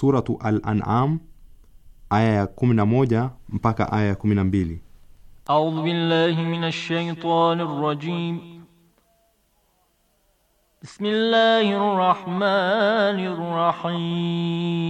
Suratu Al-An'am aya ya 11 mpaka aya ya 12. A'udhu billahi minash shaitanir rajim. Bismillahir rahmanir rahim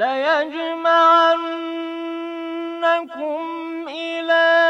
ليجمعنكم إلى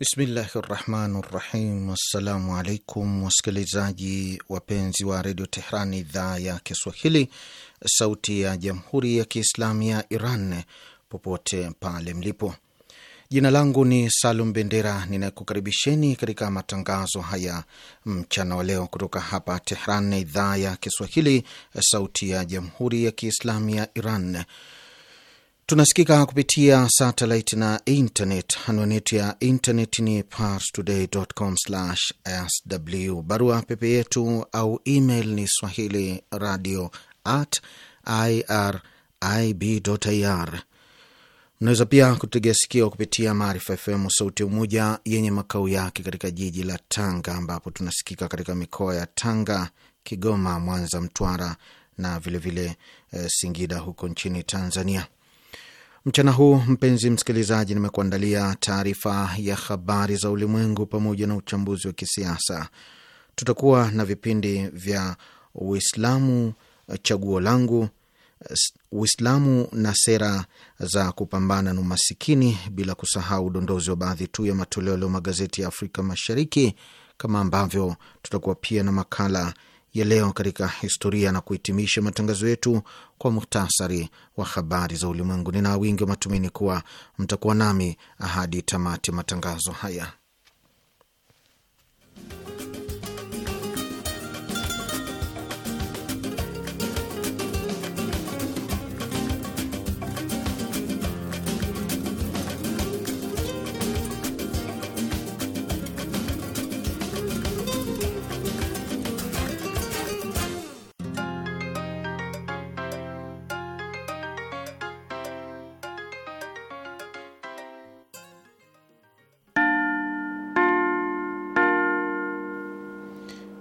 Bismillahi rahmani rahim. Assalamu alaikum wasikilizaji wapenzi wa redio Tehran, idhaa ya Kiswahili, sauti ya jamhuri ya kiislamu ya Iran, popote pale mlipo. Jina langu ni Salum Bendera, ninakukaribisheni katika matangazo haya mchana wa leo kutoka hapa Tehran, idhaa ya Kiswahili, sauti ya jamhuri ya kiislamu ya Iran Tunasikika kupitia satelit na internet. Anwani yetu ya internet ni parstoday.com/sw. Barua pepe yetu au email ni swahili radio at irib.ir. Mnaweza pia kutegea sikio kupitia Maarifa FM sauti Umoja yenye makao yake katika jiji la Tanga, ambapo tunasikika katika mikoa ya Tanga, Kigoma, Mwanza, Mtwara na vilevile vile, eh, Singida huko nchini Tanzania. Mchana huu mpenzi msikilizaji, nimekuandalia taarifa ya habari za ulimwengu pamoja na uchambuzi wa kisiasa. Tutakuwa na vipindi vya Uislamu, chaguo langu, Uislamu na sera za kupambana na umasikini, bila kusahau udondozi wa baadhi tu ya matoleo leo magazeti ya Afrika Mashariki, kama ambavyo tutakuwa pia na makala ya leo katika historia na kuhitimisha matangazo yetu kwa muhtasari wa habari za ulimwengu. Nina wingi wa matumaini kuwa mtakuwa nami ahadi tamati matangazo haya.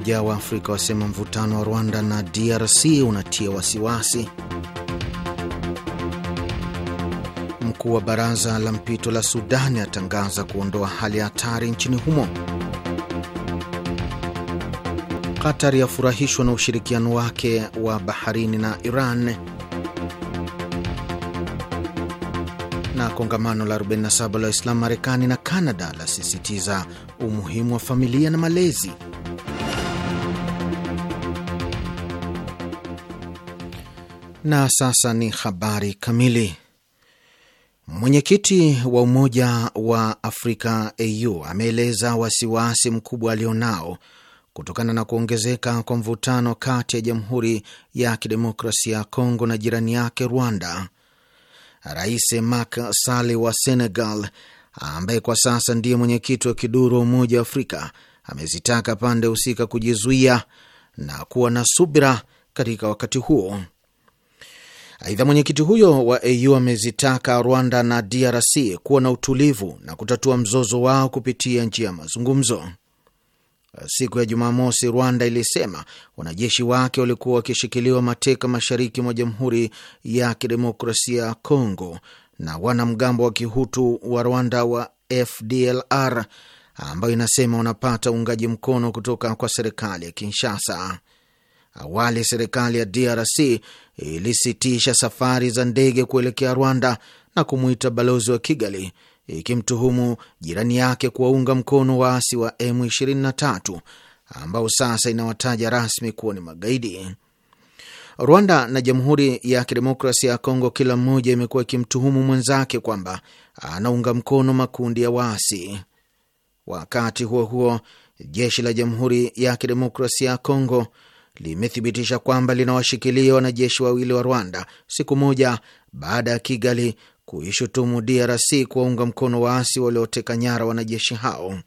Umoja wa Afrika wasema mvutano wa Rwanda na DRC unatia wasiwasi. Mkuu wa baraza la mpito la Sudani atangaza kuondoa hali ya hatari nchini humo. Qatar yafurahishwa na ushirikiano wake wa baharini na Iran. Na kongamano la 47 la Waislamu Marekani na Kanada lasisitiza umuhimu wa familia na malezi. Na sasa ni habari kamili. Mwenyekiti wa Umoja wa Afrika AU ameeleza wasiwasi mkubwa alionao kutokana na kuongezeka kwa mvutano kati ya Jamhuri ya Kidemokrasia ya Kongo na jirani yake Rwanda. Rais Macky Sall wa Senegal, ambaye kwa sasa ndiye mwenyekiti wa kiduru wa Umoja wa Afrika, amezitaka pande husika kujizuia na kuwa na subira katika wakati huo. Aidha, mwenyekiti huyo wa AU amezitaka Rwanda na DRC kuwa na utulivu na kutatua mzozo wao kupitia njia ya mazungumzo. Siku ya Jumamosi, Rwanda ilisema wanajeshi wake walikuwa wakishikiliwa mateka mashariki mwa Jamhuri ya Kidemokrasia ya Kongo na wanamgambo wa Kihutu wa Rwanda wa FDLR ambayo inasema wanapata uungaji mkono kutoka kwa serikali ya Kinshasa. Awali serikali ya DRC ilisitisha safari za ndege kuelekea Rwanda na kumwita balozi wa Kigali ikimtuhumu jirani yake kuwaunga mkono waasi wa M23 ambao sasa inawataja rasmi kuwa ni magaidi. Rwanda na Jamhuri ya Kidemokrasia ya Kongo, kila mmoja imekuwa ikimtuhumu mwenzake kwamba anaunga mkono makundi ya waasi. Wakati huo huo, jeshi la Jamhuri ya Kidemokrasia ya Kongo limethibitisha kwamba linawashikilia wanajeshi wawili wa Rwanda siku moja baada ya Kigali kuishutumu DRC kuwaunga mkono waasi walioteka nyara wanajeshi hao.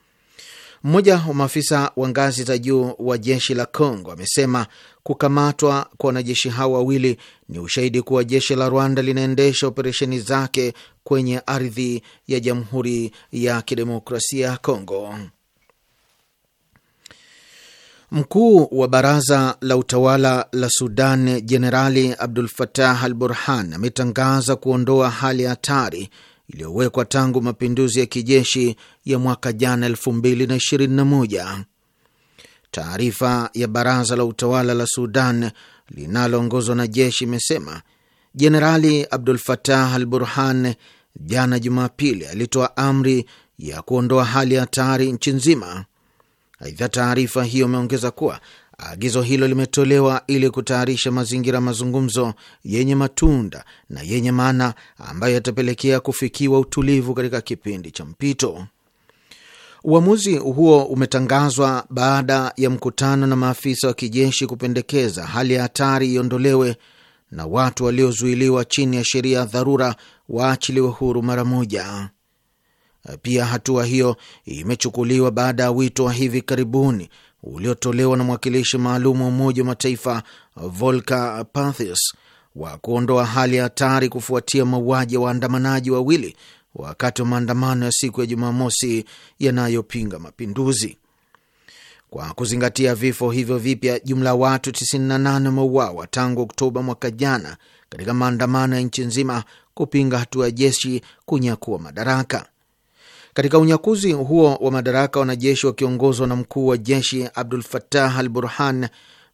Mmoja wa maafisa wa ngazi za juu wa jeshi la Congo amesema kukamatwa kwa wanajeshi hao wawili ni ushahidi kuwa jeshi la Rwanda linaendesha operesheni zake kwenye ardhi ya Jamhuri ya Kidemokrasia ya Congo. Mkuu wa baraza la utawala la Sudan Jenerali Abdul Fatah Al Burhan ametangaza kuondoa hali ya hatari iliyowekwa tangu mapinduzi ya kijeshi ya mwaka jana 2021. Taarifa ya baraza la utawala la Sudan linaloongozwa na jeshi imesema Jenerali Abdul Fatah Al Burhan jana Jumapili alitoa amri ya kuondoa hali ya hatari nchi nzima. Aidha, taarifa hiyo imeongeza kuwa agizo hilo limetolewa ili kutayarisha mazingira ya mazungumzo yenye matunda na yenye maana ambayo yatapelekea kufikiwa utulivu katika kipindi cha mpito. Uamuzi huo umetangazwa baada ya mkutano na maafisa wa kijeshi kupendekeza hali ya hatari iondolewe na watu waliozuiliwa chini ya sheria ya dharura waachiliwe huru mara moja. Eh, pia hatua hiyo imechukuliwa baada ya wito wa hivi karibuni uliotolewa na mwakilishi maalum wa Umoja wa Mataifa Volker Perthes wa kuondoa hali ya hatari kufuatia mauaji ya waandamanaji wawili wakati wa maandamano ya siku ya Jumamosi yanayopinga mapinduzi. Kwa kuzingatia vifo hivyo vipya, jumla ya watu 98 wameuawa tangu Oktoba mwaka jana katika maandamano ya nchi nzima kupinga hatua ya jeshi kunyakua madaraka. Katika unyakuzi huo wa madaraka, wanajeshi wakiongozwa na mkuu wa jeshi Abdul fatah al Burhan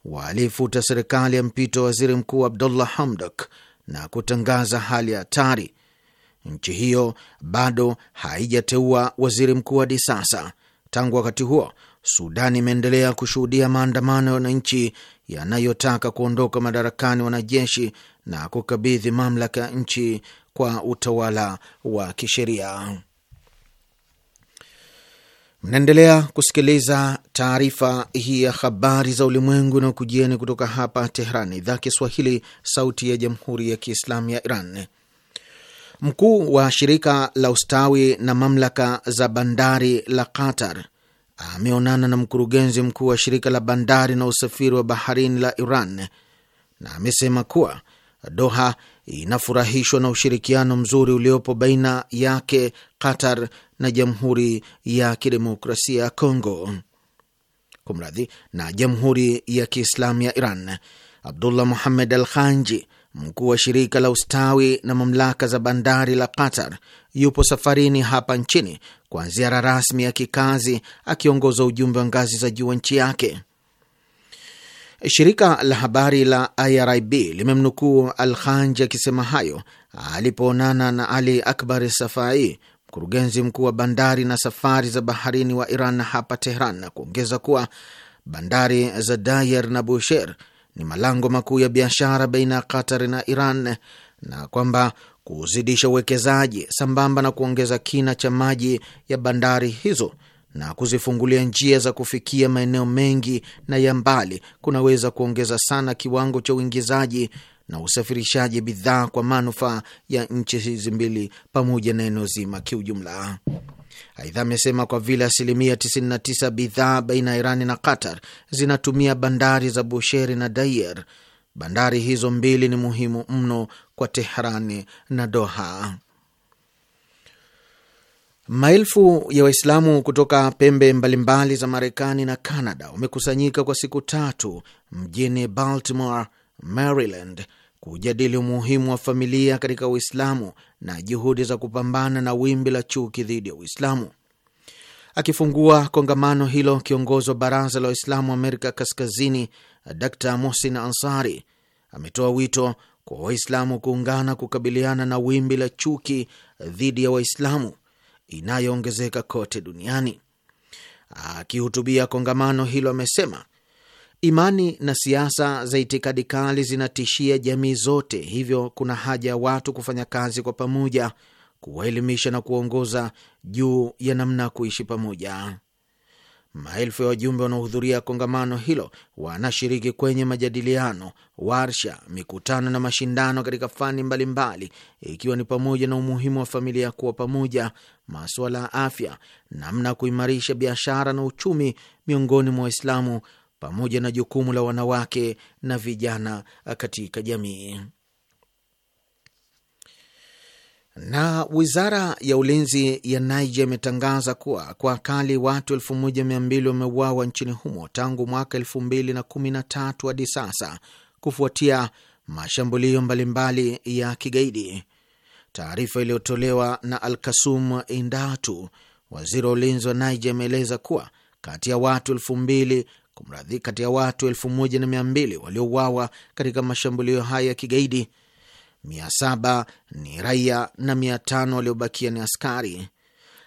walifuta serikali ya mpito wa waziri mkuu Abdullah Hamdok na kutangaza hali ya hatari. Nchi hiyo bado haijateua waziri mkuu hadi sasa. Tangu wakati huo, Sudan imeendelea kushuhudia maandamano ya wananchi yanayotaka kuondoka madarakani wanajeshi na kukabidhi mamlaka ya nchi kwa utawala wa kisheria. Mnaendelea kusikiliza taarifa hii ya habari za ulimwengu na kujieni kutoka hapa Tehran, idhaa Kiswahili, sauti ya jamhuri ya kiislamu ya Iran. Mkuu wa shirika la ustawi na mamlaka za bandari la Qatar ameonana na mkurugenzi mkuu wa shirika la bandari na usafiri wa baharini la Iran na amesema kuwa Doha inafurahishwa na ushirikiano mzuri uliopo baina yake Qatar na Jamhuri ya Kidemokrasia ya Kongo, kumradhi, na Jamhuri ya Kiislamu ya Iran. Abdullah muhamed Al Khanji, mkuu wa shirika la ustawi na mamlaka za bandari la Qatar, yupo safarini hapa nchini kwa ziara rasmi ya kikazi, akiongoza ujumbe wa ngazi za juu wa nchi yake. Shirika la habari la IRIB limemnukuu Al Khanji akisema hayo alipoonana na Ali Akbar Safai, mkurugenzi mkuu wa bandari na safari za baharini wa Iran hapa Tehran, na kuongeza kuwa bandari za Dayer na busher ni malango makuu ya biashara baina ya Qatar na Iran na kwamba kuzidisha uwekezaji sambamba na kuongeza kina cha maji ya bandari hizo na kuzifungulia njia za kufikia maeneo mengi na ya mbali kunaweza kuongeza sana kiwango cha uingizaji na usafirishaji bidhaa kwa manufaa ya nchi hizi mbili pamoja na eneo zima kiujumla. Aidha, amesema kwa vile asilimia 99 bidhaa baina ya Irani na Qatar zinatumia bandari za Busheri na Dayer, bandari hizo mbili ni muhimu mno kwa Teherani na Doha. Maelfu ya Waislamu kutoka pembe mbalimbali za Marekani na Kanada wamekusanyika kwa siku tatu mjini Baltimore, Maryland kujadili umuhimu wa familia katika Uislamu na juhudi za kupambana na wimbi la chuki dhidi ya Uislamu. Akifungua kongamano hilo, kiongozi wa Baraza la Waislamu Amerika Kaskazini Dr Mohsin Ansari ametoa wito kwa Waislamu kuungana kukabiliana na wimbi la chuki dhidi ya Waislamu inayoongezeka kote duniani. Akihutubia kongamano hilo, amesema Imani na siasa za itikadi kali zinatishia jamii zote, hivyo kuna haja ya watu kufanya kazi kwa pamoja, kuwaelimisha na kuongoza juu ya namna ya kuishi pamoja. Maelfu ya wajumbe wanaohudhuria kongamano hilo wanashiriki kwenye majadiliano, warsha, mikutano na mashindano katika fani mbalimbali, ikiwa ni pamoja na umuhimu wa familia kuwa pamoja, masuala ya afya, namna ya kuimarisha biashara na uchumi miongoni mwa Waislamu pamoja na jukumu la wanawake na vijana katika jamii. Na wizara ya ulinzi ya Niger imetangaza kuwa kwa akali watu 1200 wameuawa nchini humo tangu mwaka 2013 hadi sasa kufuatia mashambulio mbalimbali ya kigaidi. Taarifa iliyotolewa na Alkasum Indatu, waziri wa ulinzi wa Niger, ameeleza kuwa kati ya watu elfu mbili kumradhi, kati ya watu elfu moja na mia mbili waliouawa katika mashambulio haya ya kigaidi, mia saba ni raia na mia tano waliobakia ni askari.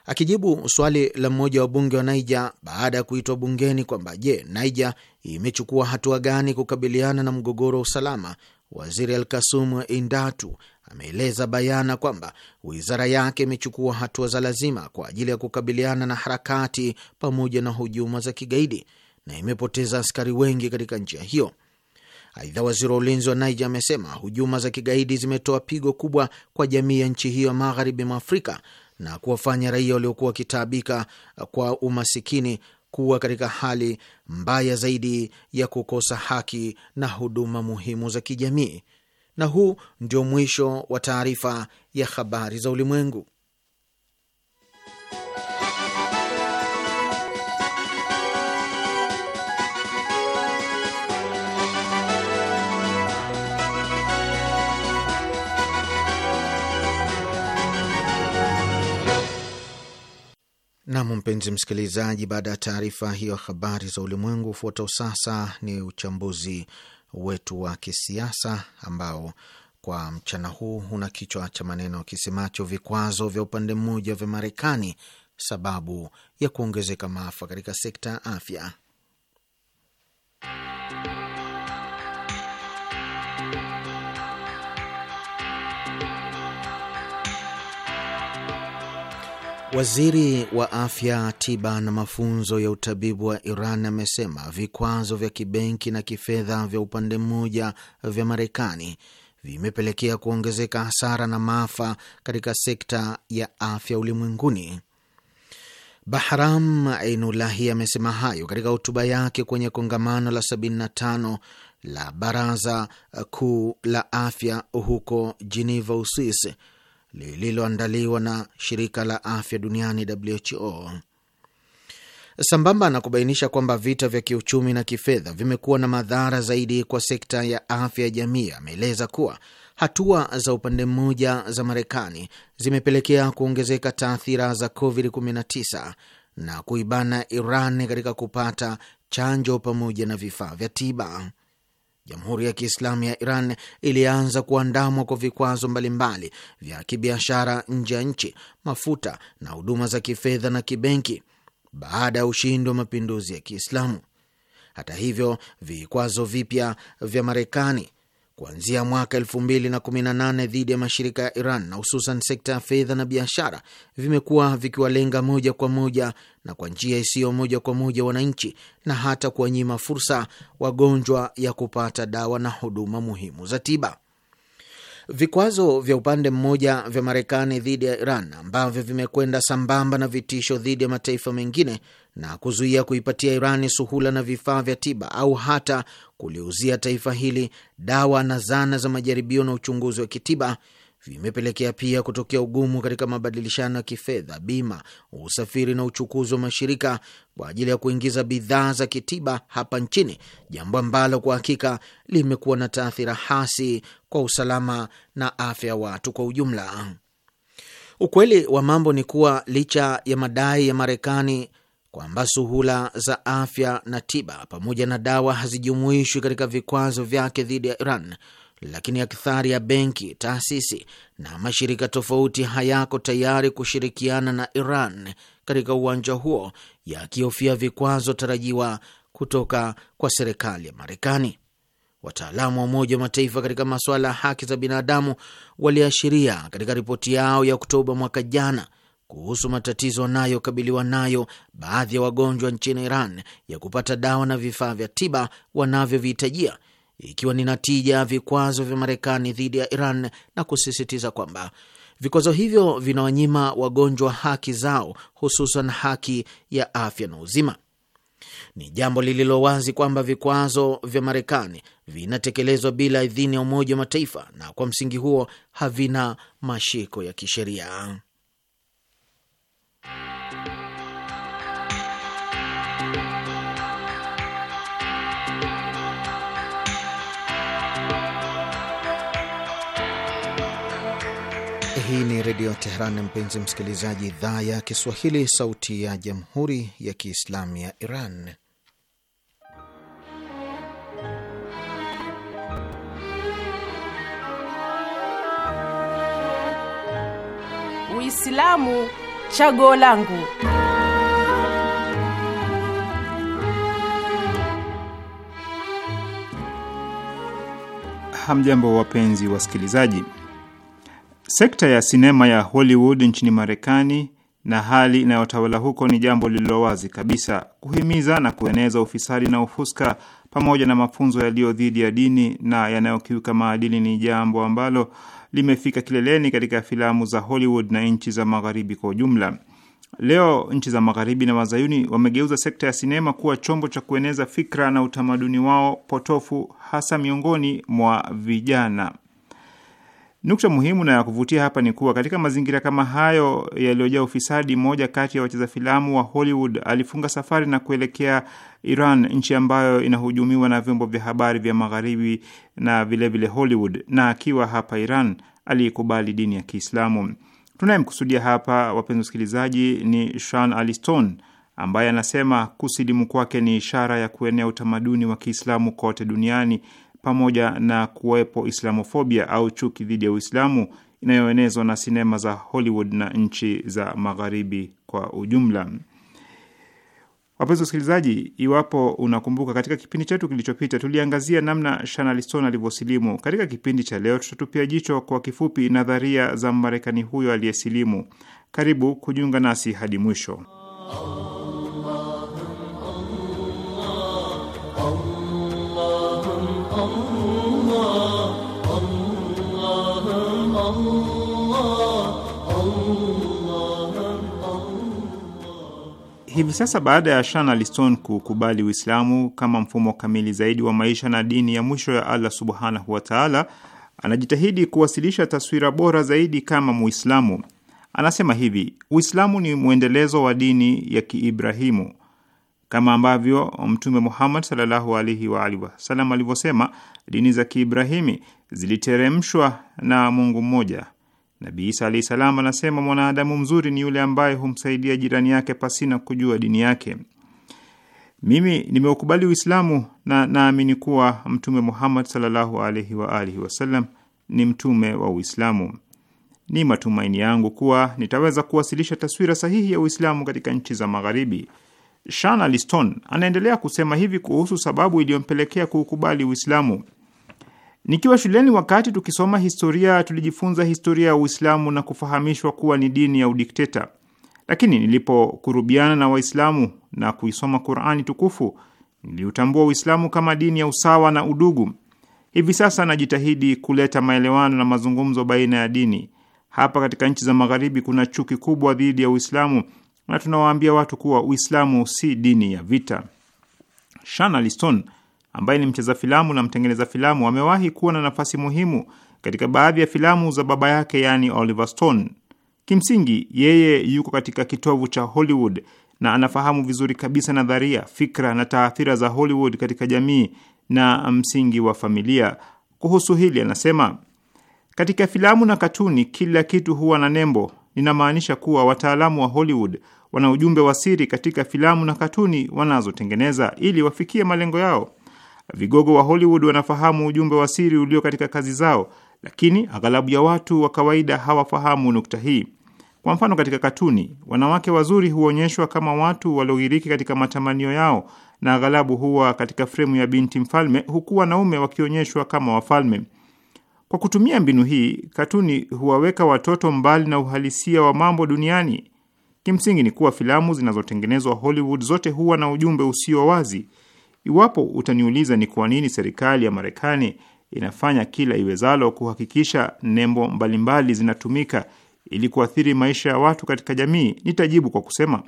Akijibu swali la mmoja wa bunge wa Naija baada ya kuitwa bungeni kwamba je, Naija imechukua hatua gani kukabiliana na mgogoro wa usalama, waziri Alkasumu Indatu ameeleza bayana kwamba wizara yake imechukua hatua za lazima kwa ajili ya kukabiliana na harakati pamoja na hujuma za kigaidi na imepoteza askari wengi katika njia hiyo. Aidha, waziri wa ulinzi wa Niger amesema hujuma za kigaidi zimetoa pigo kubwa kwa jamii ya nchi hiyo ya magharibi mwa Afrika na kuwafanya raia waliokuwa wakitaabika kwa umasikini kuwa katika hali mbaya zaidi ya kukosa haki na huduma muhimu za kijamii. Na huu ndio mwisho wa taarifa ya habari za ulimwengu. Nam, mpenzi msikilizaji, baada ya taarifa hiyo habari za ulimwengu, ufuatao sasa ni uchambuzi wetu wa kisiasa ambao kwa mchana huu una kichwa cha maneno kisemacho vikwazo vya upande mmoja vya Marekani, sababu ya kuongezeka maafa katika sekta ya afya. Waziri wa afya, tiba na mafunzo ya utabibu wa Iran amesema vikwazo vya kibenki na kifedha vya upande mmoja vya Marekani vimepelekea kuongezeka hasara na maafa katika sekta ya afya ulimwenguni. Bahram Ainulahi amesema hayo katika hotuba yake kwenye kongamano la 75 la Baraza Kuu la Afya huko Geneva, Uswisi lililoandaliwa na shirika la afya duniani WHO. Sambamba na kubainisha kwamba vita vya kiuchumi na kifedha vimekuwa na madhara zaidi kwa sekta ya afya ya jamii, ameeleza kuwa hatua za upande mmoja za Marekani zimepelekea kuongezeka taathira za COVID-19 na kuibana Iran katika kupata chanjo pamoja na vifaa vya tiba. Jamhuri ya Kiislamu ya Iran ilianza kuandamwa kwa vikwazo mbalimbali vya kibiashara nje ya nchi, mafuta na huduma za kifedha na kibenki baada ya ushindi wa mapinduzi ya Kiislamu. Hata hivyo, vikwazo vipya vya Marekani kuanzia mwaka 2018 dhidi ya mashirika ya Iran na hususan sekta ya fedha na biashara vimekuwa vikiwalenga moja kwa moja na kwa njia isiyo moja kwa moja wananchi na hata kuwanyima fursa wagonjwa ya kupata dawa na huduma muhimu za tiba. Vikwazo vya upande mmoja vya Marekani dhidi ya Iran ambavyo vimekwenda sambamba na vitisho dhidi ya mataifa mengine na kuzuia kuipatia Irani suhula na vifaa vya tiba au hata kuliuzia taifa hili dawa na zana za majaribio na uchunguzi wa kitiba vimepelekea pia kutokea ugumu katika mabadilishano ya kifedha, bima, usafiri na uchukuzi wa mashirika kwa ajili ya kuingiza bidhaa za kitiba hapa nchini, jambo ambalo kwa hakika limekuwa na taathira hasi kwa usalama na afya ya watu kwa ujumla. Ukweli wa mambo ni kuwa licha ya madai ya Marekani kwamba suhula za afya na tiba pamoja na dawa hazijumuishwi katika vikwazo vyake dhidi ya Iran, lakini akthari ya benki, taasisi na mashirika tofauti hayako tayari kushirikiana na Iran katika uwanja huo, yakihofia vikwazo tarajiwa kutoka kwa serikali ya Marekani. Wataalamu wa Umoja wa Mataifa katika masuala ya haki za binadamu waliashiria katika ripoti yao ya Oktoba mwaka jana kuhusu matatizo wanayokabiliwa nayo baadhi ya wagonjwa nchini Iran ya kupata dawa na vifaa vya tiba wanavyovihitajia ikiwa ni natija ya vikwazo vya Marekani dhidi ya Iran na kusisitiza kwamba vikwazo hivyo vinawanyima wagonjwa haki zao, hususan haki ya afya na uzima. Ni jambo lililo wazi kwamba vikwazo vya Marekani vinatekelezwa bila idhini ya Umoja wa Mataifa na kwa msingi huo havina mashiko ya kisheria. Hii ni Redio Teheran, mpenzi msikilizaji, idhaa ya Kiswahili, sauti ya jamhuri ya kiislamu ya Iran. Uislamu chaguo langu. Hamjambo wapenzi wasikilizaji Sekta ya sinema ya Hollywood nchini Marekani na hali inayotawala huko ni jambo lililo wazi kabisa. Kuhimiza na kueneza ufisadi na ufuska pamoja na mafunzo yaliyo dhidi ya dini na yanayokiuka maadili ni jambo ambalo limefika kileleni katika filamu za Hollywood na nchi za Magharibi kwa ujumla. Leo nchi za Magharibi na Wazayuni wamegeuza sekta ya sinema kuwa chombo cha kueneza fikra na utamaduni wao potofu, hasa miongoni mwa vijana. Nukta muhimu na ya kuvutia hapa ni kuwa katika mazingira kama hayo yaliyojaa ufisadi, moja kati ya wacheza filamu wa Hollywood alifunga safari na kuelekea Iran, nchi ambayo inahujumiwa na vyombo vya habari vya Magharibi na vilevile vile Hollywood, na akiwa hapa Iran aliikubali dini ya Kiislamu. Tunayemkusudia hapa, wapenzi wasikilizaji, ni Sean Aliston ambaye anasema kusilimu kwake ni ishara ya kuenea utamaduni wa Kiislamu kote duniani pamoja na kuwepo Islamofobia au chuki dhidi ya Uislamu inayoenezwa na sinema za Hollywood na nchi za Magharibi kwa ujumla. Wapenzi wasikilizaji, iwapo unakumbuka, katika kipindi chetu kilichopita tuliangazia namna Shana alivyosilimu. Katika kipindi cha leo, tutatupia jicho kwa kifupi nadharia za marekani huyo aliyesilimu. Karibu kujiunga nasi hadi mwisho. Hivi sasa baada ya Shana Liston kukubali Uislamu kama mfumo kamili zaidi wa maisha na dini ya mwisho ya Allah subhanahu wataala, anajitahidi kuwasilisha taswira bora zaidi kama Muislamu. Anasema hivi: Uislamu ni mwendelezo wa dini ya Kiibrahimu, kama ambavyo Mtume Muhammad sallallahu alaihi wa alihi wasallam alivyosema, dini za Kiibrahimi ziliteremshwa na Mungu mmoja Nabii Isa alahi salam anasema mwanadamu mzuri ni yule ambaye humsaidia jirani yake pasina kujua dini yake. Mimi nimeukubali Uislamu na naamini kuwa Mtume Muhammad sallallahu alaihi wa alihi wasallam ni mtume wa Uislamu. Ni matumaini yangu kuwa nitaweza kuwasilisha taswira sahihi ya Uislamu katika nchi za Magharibi. Shana Liston anaendelea kusema hivi kuhusu sababu iliyompelekea kuukubali Uislamu: Nikiwa shuleni wakati tukisoma historia, tulijifunza historia ya Uislamu na kufahamishwa kuwa ni dini ya udikteta, lakini nilipokurubiana na Waislamu na kuisoma Qurani tukufu niliutambua Uislamu kama dini ya usawa na udugu. Hivi sasa najitahidi kuleta maelewano na mazungumzo baina ya dini. Hapa katika nchi za Magharibi kuna chuki kubwa dhidi ya Uislamu na tunawaambia watu kuwa Uislamu si dini ya vita. Shana ambaye ni mcheza filamu na mtengeneza filamu, amewahi kuwa na nafasi muhimu katika baadhi ya filamu za baba yake, yaani Oliver Stone. Kimsingi yeye yuko katika kitovu cha Hollywood na anafahamu vizuri kabisa nadharia, fikra na taathira za Hollywood katika jamii na msingi wa familia. Kuhusu hili anasema, katika filamu na katuni kila kitu huwa na nembo. Ninamaanisha kuwa wataalamu wa Hollywood wana ujumbe wa siri katika filamu na katuni wanazotengeneza ili wafikie malengo yao. Vigogo wa Hollywood wanafahamu ujumbe wa siri ulio katika kazi zao, lakini aghalabu ya watu wa kawaida hawafahamu nukta hii. Kwa mfano, katika katuni wanawake wazuri huonyeshwa kama watu walioghiriki katika matamanio yao, na aghalabu huwa katika fremu ya binti mfalme, huku wanaume wakionyeshwa kama wafalme. Kwa kutumia mbinu hii, katuni huwaweka watoto mbali na uhalisia wa mambo duniani. Kimsingi ni kuwa filamu zinazotengenezwa Hollywood zote huwa na ujumbe usio wazi Iwapo utaniuliza ni kwa nini serikali ya Marekani inafanya kila iwezalo kuhakikisha nembo mbalimbali zinatumika ili kuathiri maisha ya watu katika jamii, nitajibu kwa kusema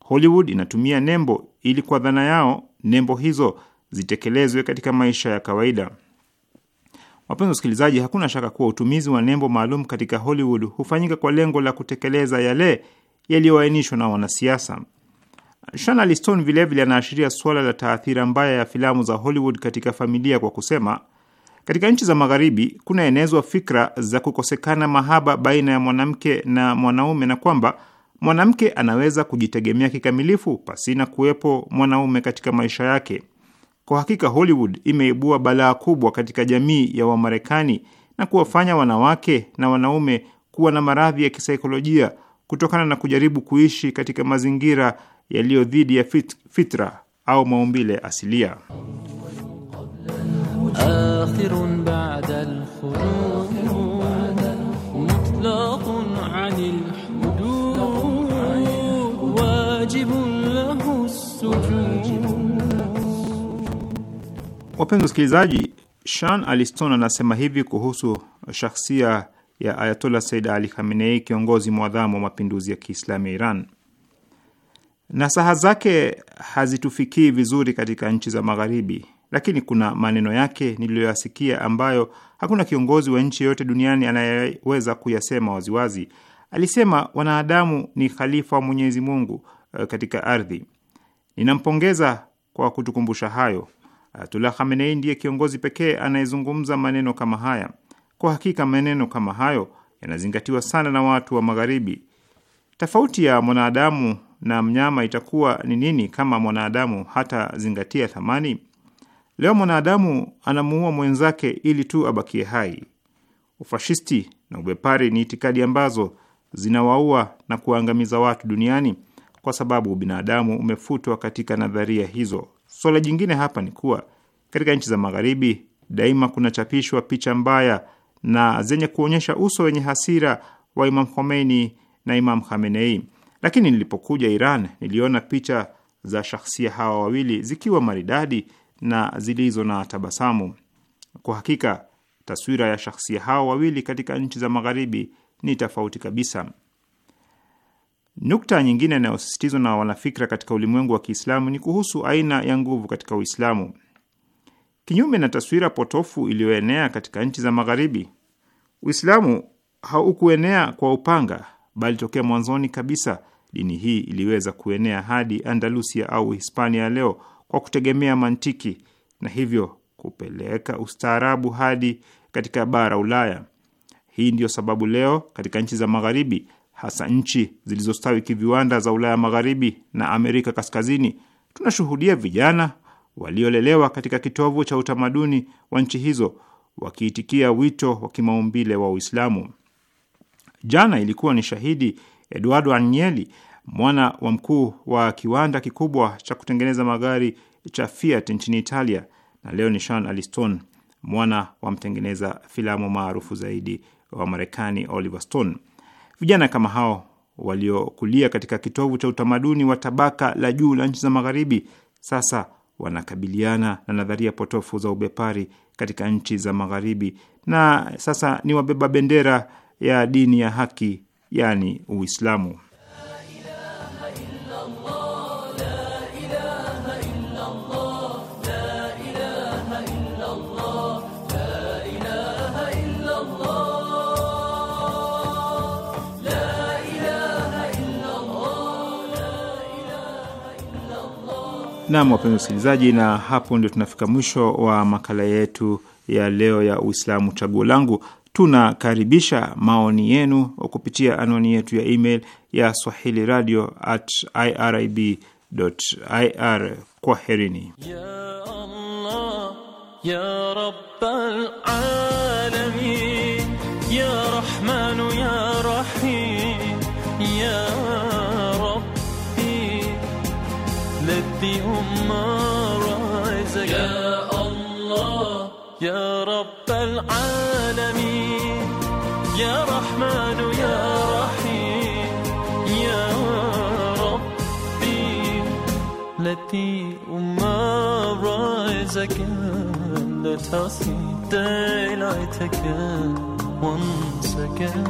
Hollywood inatumia nembo ili kwa dhana yao nembo hizo zitekelezwe katika maisha ya kawaida. Wapenzi wasikilizaji, hakuna shaka kuwa utumizi wa nembo maalum katika Hollywood hufanyika kwa lengo la kutekeleza yale yaliyoainishwa na wanasiasa. Shana Liston vilevile anaashiria suala la taathira mbaya ya filamu za Hollywood katika familia kwa kusema, katika nchi za Magharibi kunaenezwa fikra za kukosekana mahaba baina ya mwanamke na mwanaume na kwamba mwanamke anaweza kujitegemea kikamilifu pasina kuwepo mwanaume katika maisha yake. Kwa hakika Hollywood imeibua balaa kubwa katika jamii ya Wamarekani na kuwafanya wanawake na wanaume kuwa na maradhi ya kisaikolojia kutokana na kujaribu kuishi katika mazingira yaliyo dhidi ya fit, fitra au maumbile asilia. Wapenzi wasikilizaji, Shan Aliston anasema hivi kuhusu shakhsia ya Ayatollah Said Ali Khamenei, kiongozi mwadhamu wa mapinduzi ya Kiislamu ya Iran: Nasaha zake hazitufikii vizuri katika nchi za Magharibi, lakini kuna maneno yake niliyoyasikia ambayo hakuna kiongozi wa nchi yoyote duniani anayeweza kuyasema waziwazi. Alisema wanadamu ni khalifa wa Mwenyezi Mungu eh, katika ardhi. Ninampongeza kwa kutukumbusha hayo. Ayatullah Khamenei ndiye kiongozi pekee anayezungumza maneno kama haya. Kwa hakika maneno kama hayo yanazingatiwa sana na watu wa Magharibi. Tofauti ya mwanadamu na mnyama itakuwa ni nini kama mwanadamu hatazingatia thamani? Leo mwanadamu anamuua mwenzake ili tu abakie hai. Ufashisti na ubepari ni itikadi ambazo zinawaua na kuangamiza watu duniani kwa sababu binadamu umefutwa katika nadharia hizo. Suala jingine hapa ni kuwa katika nchi za Magharibi daima kunachapishwa picha mbaya na zenye kuonyesha uso wenye hasira wa Imam Khomeini na Imam Khamenei. Lakini nilipokuja Iran niliona picha za shahsia hawa wawili zikiwa maridadi na zilizo na tabasamu. Kwa hakika taswira ya shahsia hawa wawili katika nchi za Magharibi ni tofauti kabisa. Nukta nyingine inayosisitizwa na wanafikra katika ulimwengu wa Kiislamu ni kuhusu aina ya nguvu katika Uislamu. Kinyume na taswira potofu iliyoenea katika nchi za Magharibi, Uislamu haukuenea kwa upanga, bali tokea mwanzoni kabisa Dini hii iliweza kuenea hadi Andalusia au Hispania leo kwa kutegemea mantiki na hivyo kupeleka ustaarabu hadi katika bara Ulaya. Hii ndiyo sababu leo katika nchi za Magharibi, hasa nchi zilizostawi kiviwanda za Ulaya Magharibi na Amerika Kaskazini, tunashuhudia vijana waliolelewa katika kitovu cha utamaduni wa nchi hizo wakiitikia wito wa kimaumbile wa Uislamu. Jana ilikuwa ni shahidi Eduardo Agnelli, mwana wa mkuu wa kiwanda kikubwa cha kutengeneza magari cha Fiat nchini Italia, na Leon Aliston, mwana wa mtengeneza filamu maarufu zaidi wa Marekani Oliver Stone. Vijana kama hao waliokulia katika kitovu cha utamaduni wa tabaka la juu la nchi za Magharibi sasa wanakabiliana na nadharia potofu za ubepari katika nchi za Magharibi, na sasa ni wabeba bendera ya dini ya haki yani Uislamu. Nam, wapenzi wasikilizaji, na hapo ndio tunafika mwisho wa makala yetu ya leo ya Uislamu Chaguo Langu. Tunakaribisha maoni yenu kupitia anwani yetu ya email ya swahili radio at irib ir. Kwaherini ya Allah, ya alamin يا رحمن يا رحيم يا ربي التي أمارزك لتعصي دلعتك وانسكن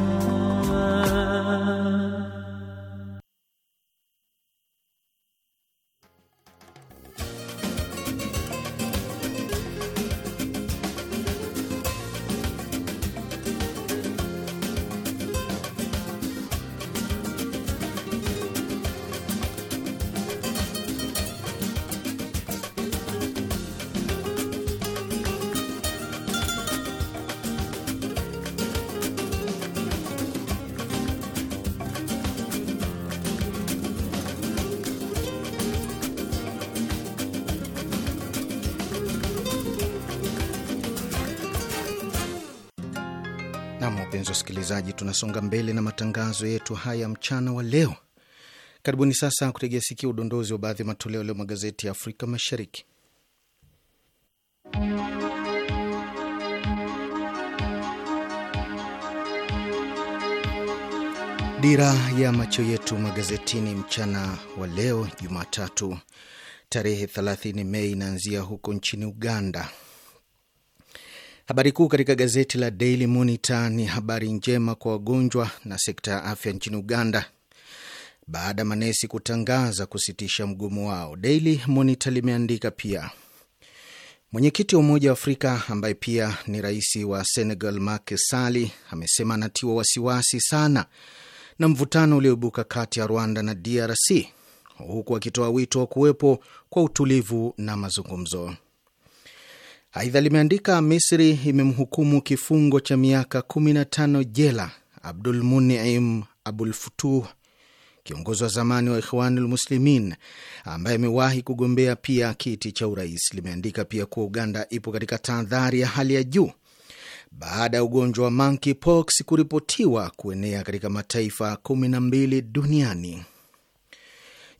Wapenzi wasikilizaji, tunasonga mbele na matangazo yetu haya mchana wa leo. Karibuni sasa kutegea sikia udondozi wa baadhi ya matoleo leo magazeti ya Afrika Mashariki. Dira ya macho yetu magazetini mchana wa leo Jumatatu tarehe 30 Mei inaanzia huko nchini Uganda Habari kuu katika gazeti la Daily Monitor ni habari njema kwa wagonjwa na sekta ya afya nchini Uganda baada ya manesi kutangaza kusitisha mgomo wao. Daily Monitor limeandika pia mwenyekiti wa Umoja wa Afrika ambaye pia ni rais wa Senegal Macky Sall amesema anatiwa wasiwasi sana na mvutano ulioibuka kati ya Rwanda na DRC huku akitoa wito wa kuwepo kwa utulivu na mazungumzo. Aidha limeandika Misri imemhukumu kifungo cha miaka 15 jela Abdul Abul Abulfutuh, kiongozi wa zamani wa Ikhwanul Muslimin ambaye amewahi kugombea pia kiti cha urais. Limeandika pia kuwa Uganda ipo katika tahadhari ya hali ya juu baada ya ugonjwa wa monkeypox kuripotiwa kuenea katika mataifa 12 duniani.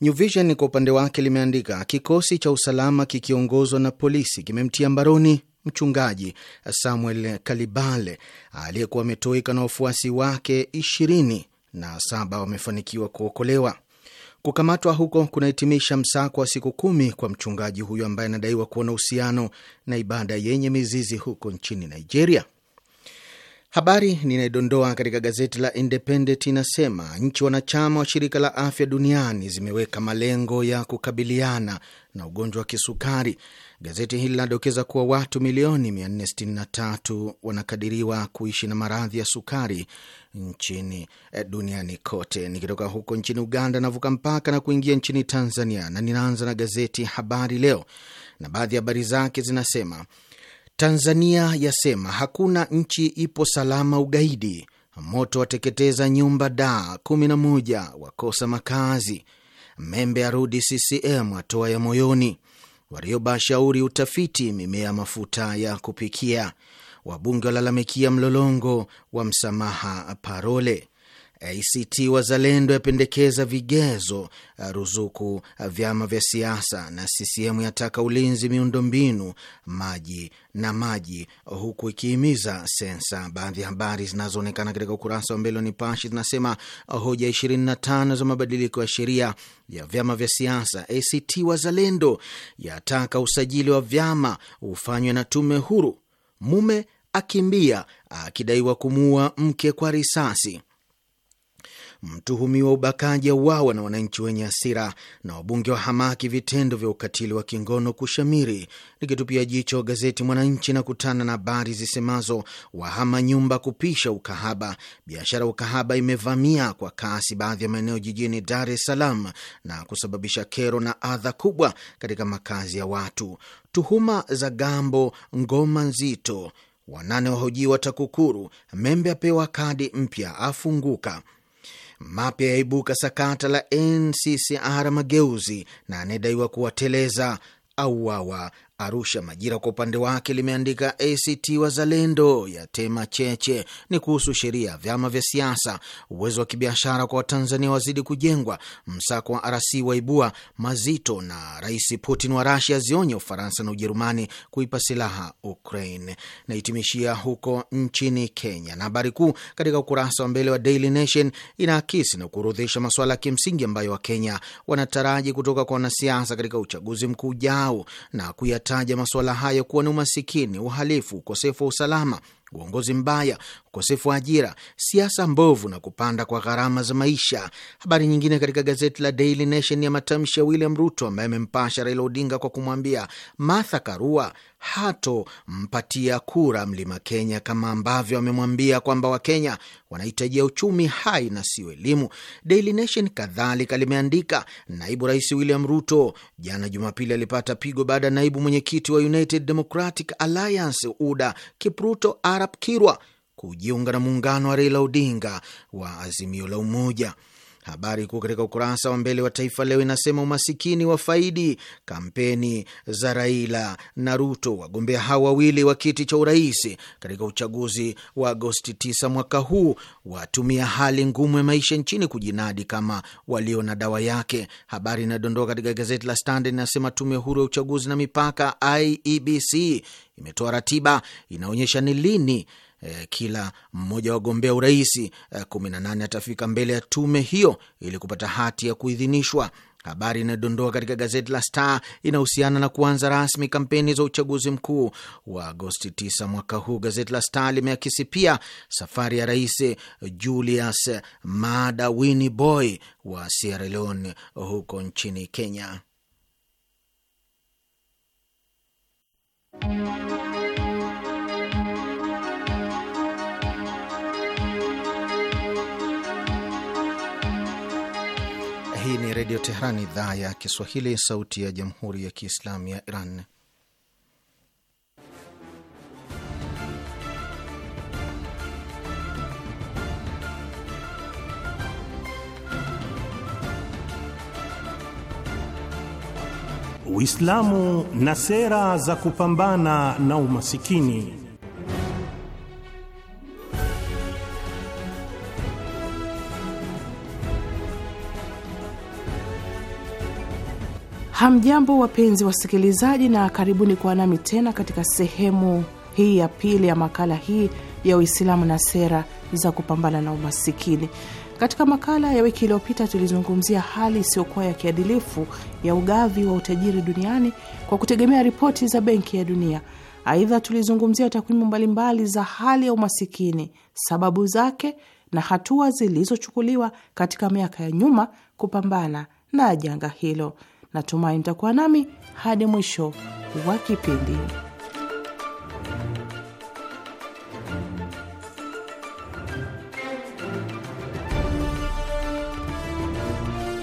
New Vision kwa upande wake limeandika kikosi cha usalama kikiongozwa na polisi kimemtia mbaroni mchungaji Samuel Kalibale aliyekuwa ametoweka na wafuasi wake ishirini na saba wamefanikiwa kuokolewa. Kukamatwa huko kunahitimisha msako wa siku kumi kwa mchungaji huyo ambaye anadaiwa kuwa na uhusiano na ibada yenye mizizi huko nchini Nigeria. Habari ninayodondoa katika gazeti la Independent inasema nchi wanachama wa shirika la afya duniani zimeweka malengo ya kukabiliana na ugonjwa wa kisukari. Gazeti hili linadokeza kuwa watu milioni 463 wanakadiriwa kuishi na maradhi ya sukari nchini eh, duniani kote. Nikitoka huko nchini Uganda, navuka mpaka na kuingia nchini Tanzania, na ninaanza na gazeti Habari Leo, na baadhi ya habari zake zinasema Tanzania yasema hakuna nchi ipo salama ugaidi. Moto wateketeza nyumba da 11 wakosa makazi. Membe arudi CCM atoa ya moyoni. Warioba shauri utafiti mimea mafuta ya kupikia. Wabunge walalamikia mlolongo wa msamaha parole. ACT Wazalendo yapendekeza vigezo ruzuku vyama vya siasa, na CCM yataka ulinzi miundombinu maji na maji, huku ikihimiza sensa. Baadhi ya habari zinazoonekana katika ukurasa wa mbele wa zinasema hoja 25 za mabadiliko ya sheria ya vyama vya siasa. ACT Wazalendo yataka usajili wa vyama ufanywe na tume huru. Mume akimbia akidaiwa kumuua mke kwa risasi. Mtuhumiwa ubakaji auawa na wananchi wenye hasira, na wabunge wa hamaki vitendo vya ukatili wa kingono kushamiri. Likitupia jicho gazeti Mwananchi na kutana na habari zisemazo wahama nyumba kupisha ukahaba, biashara ukahaba imevamia kwa kasi baadhi ya maeneo jijini Dar es Salaam na kusababisha kero na adha kubwa katika makazi ya watu. Tuhuma za Gambo ngoma nzito, wanane wahojiwa TAKUKURU, Membe apewa kadi mpya afunguka mapya yaibuka sakata la NCCR Mageuzi na anayedaiwa kuwateleza auawa Arusha. Majira kwa upande wake limeandika ACT Wazalendo ya tema cheche ni kuhusu sheria ya vyama vya siasa, uwezo wa kibiashara kwa Watanzania wazidi kujengwa, msako wa RC waibua mazito, na Rais Putin wa Rasia zionye Ufaransa na Ujerumani kuipa silaha Ukraine. Naitimishia huko nchini Kenya, na habari kuu katika ukurasa wa mbele wa Daily Nation inaakisi na kurudhisha masuala ya kimsingi ambayo Wakenya wanataraji kutoka kwa wanasiasa katika uchaguzi mkuu ujao na Ameyataja masuala hayo kuwa ni umasikini, uhalifu, ukosefu wa usalama, uongozi mbaya, ukosefu wa ajira, siasa mbovu na kupanda kwa gharama za maisha. Habari nyingine katika gazeti la Daily Nation ya matamshi ya William Ruto ambaye amempasha Raila Odinga kwa kumwambia Martha Karua hatompatia kura Mlima Kenya kama ambavyo amemwambia kwamba Wakenya wanahitajia uchumi hai na sio elimu. Daily Nation kadhalika limeandika naibu rais William Ruto jana Jumapili alipata pigo baada ya naibu mwenyekiti wa United Democratic Alliance UDA Kipruto Arap Kirwa kujiunga na muungano wa Raila Odinga wa Azimio la Umoja. Habari kuu katika ukurasa wa mbele wa Taifa Leo inasema umasikini wa faidi kampeni za Raila na Ruto, wagombea hao wawili wa kiti cha urais katika uchaguzi wa Agosti 9 mwaka huu watumia hali ngumu ya maisha nchini kujinadi kama walio na dawa yake. Habari inayodondoka katika gazeti la Standard inasema tume huru ya uchaguzi na mipaka IEBC imetoa ratiba inaonyesha ni lini eh, kila mmoja wa wagombea urais e, kumi na nane eh, atafika mbele ya tume hiyo ili kupata hati ya kuidhinishwa. Habari inayodondoa katika gazeti la Star inahusiana na kuanza rasmi kampeni za uchaguzi mkuu wa Agosti 9 mwaka huu. Gazeti la Star limeakisi pia safari ya Rais Julius Maada Winnie Boy wa Sierra Leone huko nchini Kenya. Hii ni Redio Teheran, idhaa ya Kiswahili, sauti ya Jamhuri ya Kiislamu ya Iran. Uislamu na sera za kupambana na umasikini. Hamjambo, wapenzi wasikilizaji, na karibuni kwa nami tena katika sehemu hii ya pili ya makala hii ya Uislamu na sera za kupambana na umasikini. Katika makala ya wiki iliyopita tulizungumzia hali isiyokuwa ya kiadilifu ya ugavi wa utajiri duniani kwa kutegemea ripoti za Benki ya Dunia. Aidha, tulizungumzia takwimu mbalimbali za hali ya umasikini, sababu zake na hatua zilizochukuliwa katika miaka ya nyuma kupambana na janga hilo. Natumai mtakuwa nami hadi mwisho wa kipindi.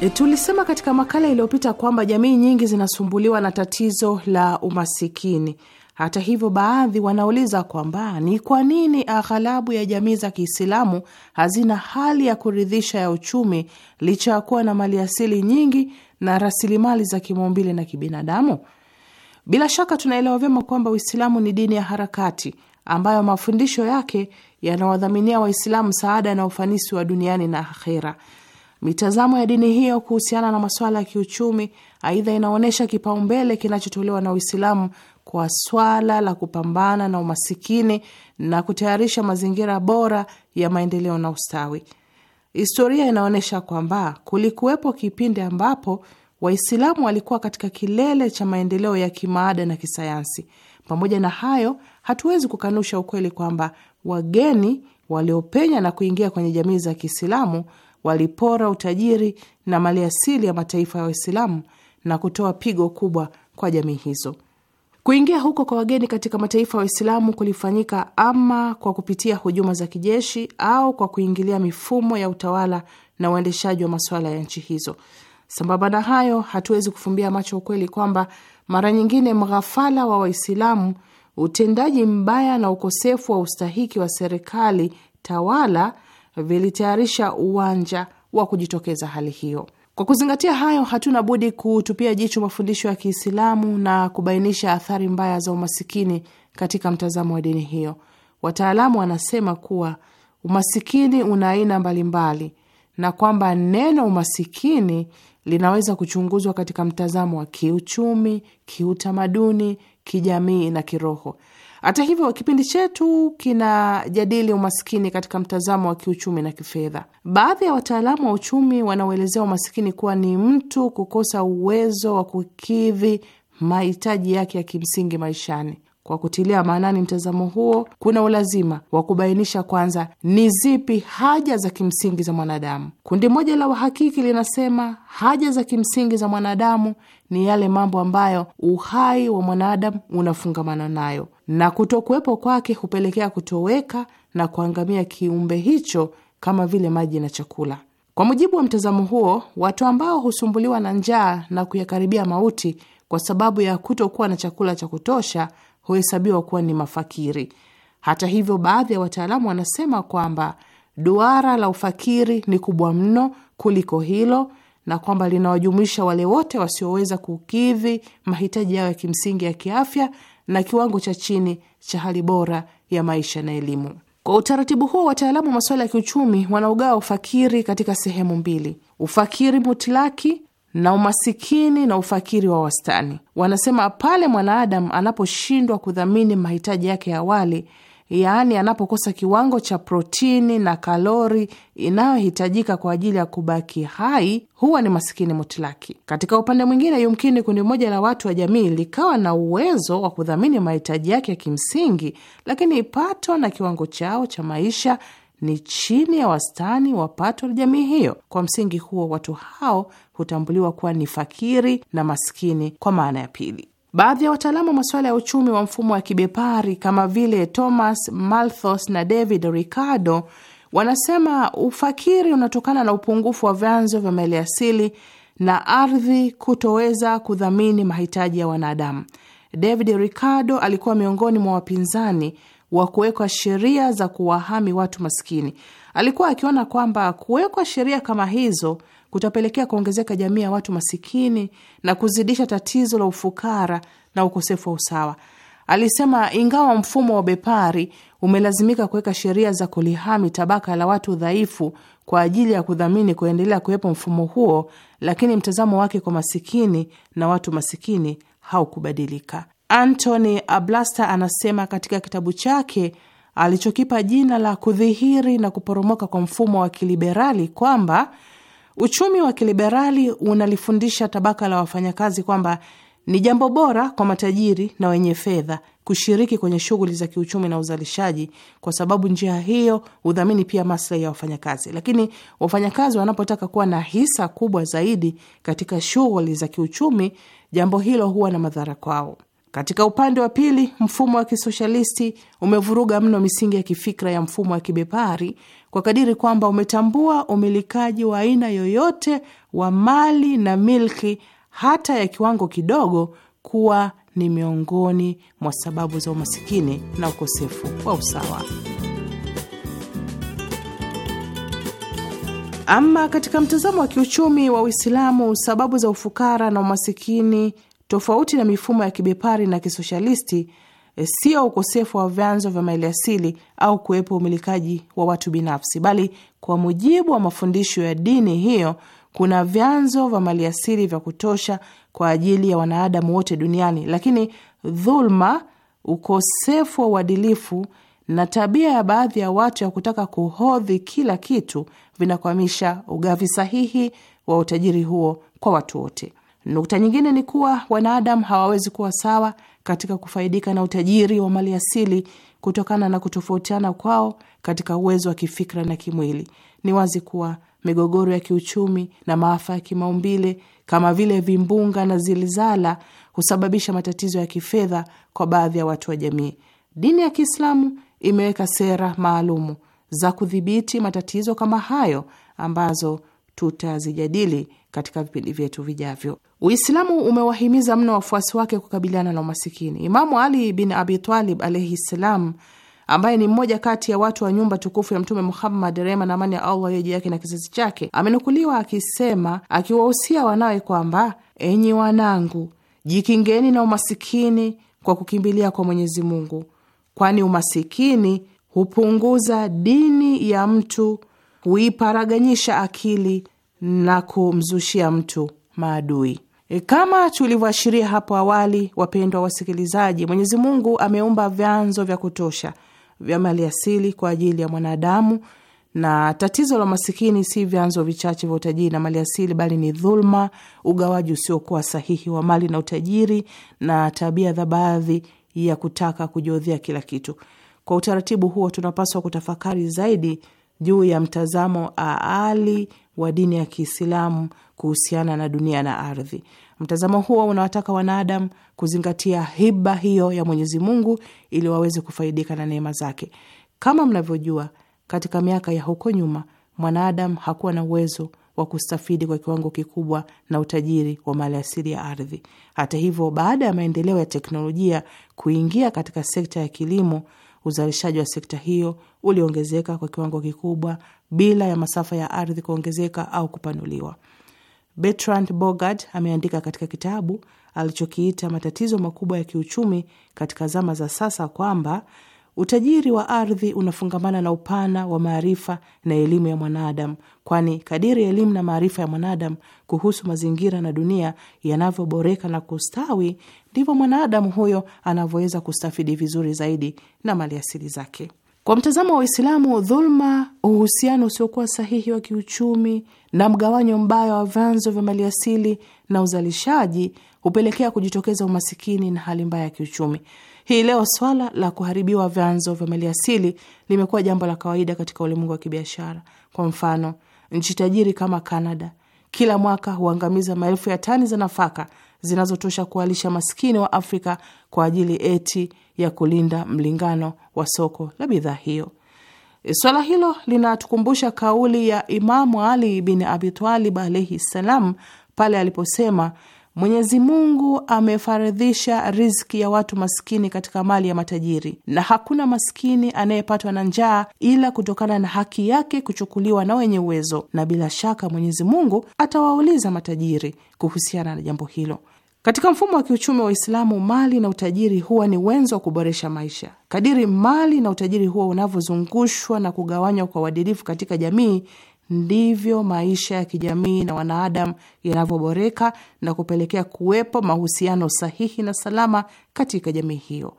E, tulisema katika makala iliyopita kwamba jamii nyingi zinasumbuliwa na tatizo la umasikini. Hata hivyo, baadhi wanauliza kwamba ni kwa nini aghalabu ya jamii za Kiislamu hazina hali ya kuridhisha ya uchumi licha ya kuwa na maliasili nyingi na rasilimali za kimaumbile na kibinadamu? Bila shaka tunaelewa vyema kwamba Uislamu ni dini ya harakati ambayo mafundisho yake yanawadhaminia Waislamu saada na ufanisi wa duniani na akhera. Mitazamo ya dini hiyo kuhusiana na masuala ya kiuchumi, aidha, inaonyesha kipaumbele kinachotolewa na Uislamu kwa swala la kupambana na umasikini na kutayarisha mazingira bora ya maendeleo na ustawi. Historia inaonyesha kwamba kulikuwepo kipindi ambapo Waislamu walikuwa katika kilele cha maendeleo ya kimaada na kisayansi. Pamoja na hayo, hatuwezi kukanusha ukweli kwamba wageni waliopenya na kuingia kwenye jamii za Kiislamu walipora utajiri na maliasili ya mataifa ya Waislamu na kutoa pigo kubwa kwa jamii hizo. Kuingia huko kwa wageni katika mataifa ya Waislamu kulifanyika ama kwa kupitia hujuma za kijeshi au kwa kuingilia mifumo ya utawala na uendeshaji wa masuala ya nchi hizo. Sambamba na hayo, hatuwezi kufumbia macho ukweli kwamba mara nyingine mghafala wa Waislamu, utendaji mbaya na ukosefu wa ustahiki wa serikali tawala vilitayarisha uwanja wa kujitokeza hali hiyo. Kwa kuzingatia hayo, hatuna budi kutupia jicho mafundisho ya Kiislamu na kubainisha athari mbaya za umasikini katika mtazamo wa dini hiyo. Wataalamu wanasema kuwa umasikini una aina mbalimbali na kwamba neno umasikini linaweza kuchunguzwa katika mtazamo wa kiuchumi, kiutamaduni, kijamii na kiroho. Hata hivyo, kipindi chetu kinajadili umaskini katika mtazamo wa kiuchumi na kifedha. Baadhi ya wataalamu wa uchumi wanaoelezea umaskini kuwa ni mtu kukosa uwezo wa kukidhi mahitaji yake ya kimsingi maishani. Kwa kutilia maanani mtazamo huo, kuna ulazima wa kubainisha kwanza ni zipi haja za kimsingi za mwanadamu. Kundi moja la uhakiki linasema haja za kimsingi za mwanadamu ni yale mambo ambayo uhai wa mwanadamu unafungamana nayo na kutokuwepo kwake hupelekea kutoweka na kuangamia kiumbe hicho kama vile maji na chakula. Kwa mujibu wa mtazamo huo, watu ambao husumbuliwa na njaa na kuyakaribia mauti kwa sababu ya kutokuwa na chakula cha kutosha huhesabiwa kuwa ni mafakiri. Hata hivyo, baadhi ya wataalamu wanasema kwamba duara la ufakiri ni kubwa mno kuliko hilo na kwamba linawajumuisha wale wote wasioweza kukidhi mahitaji yao ya kimsingi ya kiafya na kiwango cha chini cha hali bora ya maisha na elimu. Kwa utaratibu huo, wataalamu wa masuala ya kiuchumi wanaugawa ufakiri katika sehemu mbili: ufakiri mutlaki na umasikini na ufakiri wa wastani. Wanasema pale mwanaadamu anaposhindwa kudhamini mahitaji yake ya awali yaani anapokosa kiwango cha protini na kalori inayohitajika kwa ajili ya kubaki hai, huwa ni masikini mutlaki. Katika upande mwingine, yumkini kundi moja la watu wa jamii likawa na uwezo wa kudhamini mahitaji yake ya kimsingi, lakini pato na kiwango chao cha maisha ni chini ya wastani wa pato la jamii hiyo. Kwa msingi huo, watu hao hutambuliwa kuwa ni fakiri na maskini kwa maana ya pili. Baadhi ya wataalamu wa masuala ya uchumi wa mfumo wa kibepari kama vile Thomas Malthus na David Ricardo wanasema ufakiri unatokana na upungufu wa vyanzo vya maliasili na ardhi kutoweza kudhamini mahitaji ya wanadamu. David Ricardo alikuwa miongoni mwa wapinzani wa kuwekwa sheria za kuwahami watu maskini. Alikuwa akiona kwamba kuwekwa sheria kama hizo kutapelekea kuongezeka jamii ya watu masikini na kuzidisha tatizo la ufukara na ukosefu wa usawa. Alisema ingawa mfumo wa bepari umelazimika kuweka sheria za kulihami tabaka la watu dhaifu kwa ajili ya kudhamini kuendelea kuwepo mfumo huo, lakini mtazamo wake kwa masikini na watu masikini haukubadilika. Anthony Ablasta anasema katika kitabu chake alichokipa jina la kudhihiri na kuporomoka kwa mfumo wa kiliberali kwamba Uchumi wa kiliberali unalifundisha tabaka la wafanyakazi kwamba ni jambo bora kwa matajiri na wenye fedha kushiriki kwenye shughuli za kiuchumi na uzalishaji, kwa sababu njia hiyo hudhamini pia maslahi ya wafanyakazi. Lakini wafanyakazi wanapotaka kuwa na hisa kubwa zaidi katika shughuli za kiuchumi, jambo hilo huwa na madhara kwao. Katika upande wa pili, mfumo wa kisoshalisti umevuruga mno misingi ya kifikra ya mfumo wa kibepari kwa kadiri kwamba umetambua umilikaji wa aina yoyote wa mali na milki hata ya kiwango kidogo kuwa ni miongoni mwa sababu za umasikini na ukosefu wa usawa. Ama katika mtazamo wa kiuchumi wa Uislamu, sababu za ufukara na umasikini, tofauti na mifumo ya kibepari na kisoshalisti, Eh, sio ukosefu wa vyanzo vya maliasili au kuwepo umilikaji wa watu binafsi, bali kwa mujibu wa mafundisho ya dini hiyo kuna vyanzo vya maliasili vya kutosha kwa ajili ya wanadamu wote duniani, lakini dhulma, ukosefu wa uadilifu na tabia ya baadhi ya watu ya kutaka kuhodhi kila kitu vinakwamisha ugavi sahihi wa utajiri huo kwa watu wote. Nukta nyingine ni kuwa wanadamu hawawezi kuwa sawa katika kufaidika na utajiri wa mali asili kutokana na kutofautiana kwao katika uwezo wa kifikra na kimwili. Ni wazi kuwa migogoro ya kiuchumi na maafa ya kimaumbile kama vile vimbunga na zilizala husababisha matatizo ya kifedha kwa baadhi ya watu wa jamii. Dini ya Kiislamu imeweka sera maalumu za kudhibiti matatizo kama hayo ambazo tutazijadili katika vipindi vyetu vijavyo. Uislamu umewahimiza mno wafuasi wake kukabiliana na umasikini. Imamu Ali bin Abi Talib alaihi ssalam, ambaye ni mmoja kati ya watu wa nyumba tukufu ya Mtume Muhammad, rehma na amani ya Allah juu yake na kizazi chake, amenukuliwa akisema, akiwahusia wanawe kwamba, enyi wanangu, jikingeni na umasikini kwa kukimbilia kwa Mwenyezi Mungu, kwani umasikini hupunguza dini ya mtu, huiparaganyisha akili na kumzushia mtu maadui. E, kama tulivyoashiria hapo awali, wapendwa wasikilizaji, Mwenyezi Mungu ameumba vyanzo vya kutosha vya mali asili kwa ajili ya mwanadamu, na tatizo la masikini si vyanzo vichache vya utajiri na mali asili, bali ni dhulma, ugawaji usiokuwa sahihi wa mali na utajiri, na tabia za baadhi ya kutaka kujiodhea kila kitu. Kwa utaratibu huo, tunapaswa kutafakari zaidi juu ya mtazamo aali wa dini ya Kiislamu kuhusiana na dunia na ardhi. Mtazamo huo unawataka wanadamu kuzingatia hiba hiyo ya Mwenyezi Mungu ili waweze kufaidika na neema zake. Kama mnavyojua, katika miaka ya huko nyuma mwanadamu hakuwa na uwezo wa kustafidi kwa kiwango kikubwa na utajiri wa asili ya ardhi. Hata hivyo, baada ya maendeleo ya teknolojia kuingia katika sekta ya kilimo, uzalishaji wa sekta hiyo uliongezeka kwa kiwango kikubwa bila ya masafa ya ardhi kuongezeka au kupanuliwa. Bertrand Bogard ameandika katika kitabu alichokiita matatizo makubwa ya kiuchumi katika zama za sasa kwamba utajiri wa ardhi unafungamana na upana wa maarifa na elimu ya mwanadamu, kwani kadiri elimu na maarifa ya mwanadamu kuhusu mazingira na dunia yanavyoboreka na kustawi, ndivyo mwanadamu huyo anavyoweza kustafidi vizuri zaidi na maliasili zake. Kwa mtazamo wa Waislamu, dhuluma, uhusiano usiokuwa sahihi wa kiuchumi na mgawanyo mbaya wa vyanzo vya maliasili na uzalishaji hupelekea kujitokeza umasikini na hali mbaya ya kiuchumi. Hii leo swala la kuharibiwa vyanzo vya maliasili limekuwa jambo la kawaida katika ulimwengu wa kibiashara. Kwa mfano, nchi tajiri kama canada kila mwaka huangamiza maelfu ya tani za nafaka zinazotosha kuwalisha maskini wa Afrika kwa ajili eti ya kulinda mlingano wa soko la bidhaa hiyo. E, swala hilo linatukumbusha kauli ya Imamu Ali bin Abitalib alaihi ssalam pale aliposema, Mwenyezi Mungu amefaridhisha riziki ya watu maskini katika mali ya matajiri, na hakuna maskini anayepatwa na njaa ila kutokana na haki yake kuchukuliwa na wenye uwezo, na bila shaka Mwenyezi Mungu atawauliza matajiri kuhusiana na jambo hilo. Katika mfumo wa kiuchumi wa Uislamu, mali na utajiri huwa ni wenzo wa kuboresha maisha. Kadiri mali na utajiri huwa unavyozungushwa na kugawanywa kwa uadilifu katika jamii, ndivyo maisha ya kijamii na wanadamu yanavyoboreka na kupelekea kuwepo mahusiano sahihi na salama katika jamii hiyo.